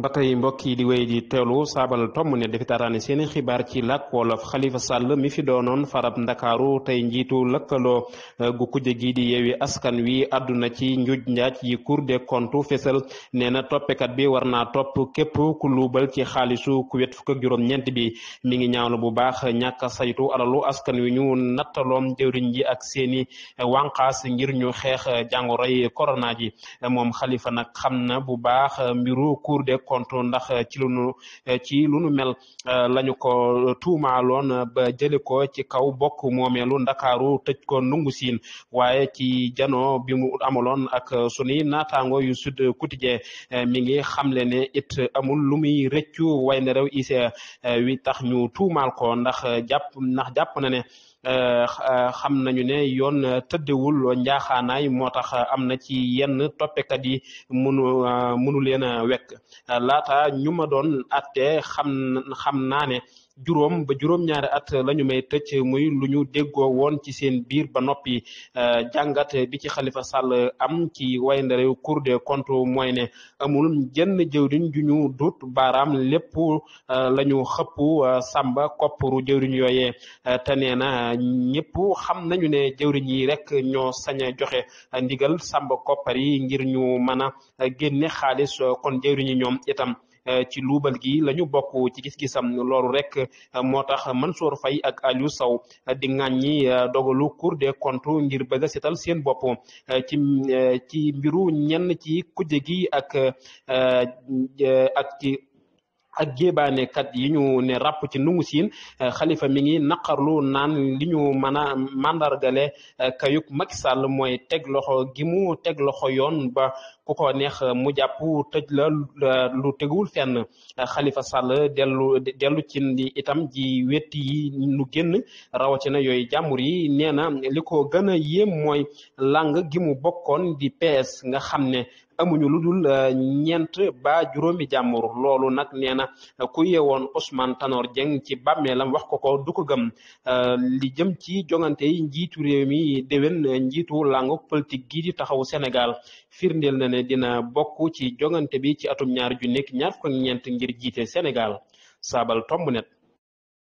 batay mbokk yi di wéy di teewlu saabal tomm ne dafi taataane seeni xibaar ci làkk wolof xalifa sàll mi fi doonoon farab ndakaaru tey njiitu lëkkaloo eh, gu kujje gi di yewi askan wi àdduna ci njuj njaaj yi cour des comptes fésal nee na toppekat bi war naa topp képp ku luubal ci xaalisu ku wet fukk ak juróom ñent bi mi ngi ñaawlu bu baax ñàkk saytu alalu askan wi ñu nattaloom jëwriñ ji ak seeni eh, wànqaas ngir ñu xeex eh, jàngoroy corona ji moom xalifa nag xam na bu baax mbiru cour des compte ndax eh, ci lu nu eh, ci lu nu mel eh, lañu ko tuumaaloon ba ko ci kaw bokk moomeelu ndakaaru tëj ko nungu siin waaye ci jano bi mu amaloon ak sunuy naataango yu Sud Quotidien mi ngi xamle ne it amul lu muy rëccu way na rew ICA e, wi tax ñu tuumaal ko ndax jàpp ndax jàpp na ne Euh, euh, xam nañu ne yoon euh, tëddewul njaaxaanaay moo tax am na ci yenn toppekat yi mënu mënu leen a wekk laata ñu ma doon atte xam xam naa ne juróom ba juróom-ñaari at la ñu may tëcc muy lu ñu déggoo woon ci seen biir ba noppi euh, jàngat bi ci xalifa Sall am ci waynde réew Cour des comptes mooy ne amul jenn jëwriñ ju ñu dut baaraam lépp euh, la ñu xëpp euh, sàmba kopparu jëwriñ yooyee te nee na ñëpp xam nañu ne jëwriñ yi rek ñoo sañ a joxe ndigal samba koppar yi ngir ñu mën a génne xaalis kon jëwriñ yi ñoom itam Eh, ci luubal gi la bokk ci gis-gisam loolu rek eh, moo tax man Mansour fay ak Aliou Sow di ŋàññi eh, dogalu Cour des comptes ngir bëgg setal seen bopp ci ci mbiru ñenn ci kujje gi ak ak ci ak géebaanekat yi ñu ne ràpp ci nungu siin eh, xalifa mi ngi naqarlu naan li ñu mën a mandargale eh, kayuk Macky Sall mooy teg loxo gi mu teg loxo yoon ba ku ko neex mu jàpp tëj la eh, lu tegul fenn xalifa Sall dellu cin ci itam ji wetti yi nu génn rawatina yooyu jàmbur yi nee na li ko gën a yéem mooy lang gi mu bokkoon di PS nga xam ne amuñu lu dul eh, ñeent ba juróomi jàmbur loolu nag nee na ku yeewoon Ousmane Tanor Dieng ci bàmmeelam wax ko ko du ko gëm eh, li jëm ci jongante njiitu réew mi déwén eh, njiitu langu politique gii di taxaw Sénégal firndeel na ne dina bokk ci jongante bi ci atum ñaar ju nekk ñaar fukk ñeent ngir jiite Sénégal saabal tomb net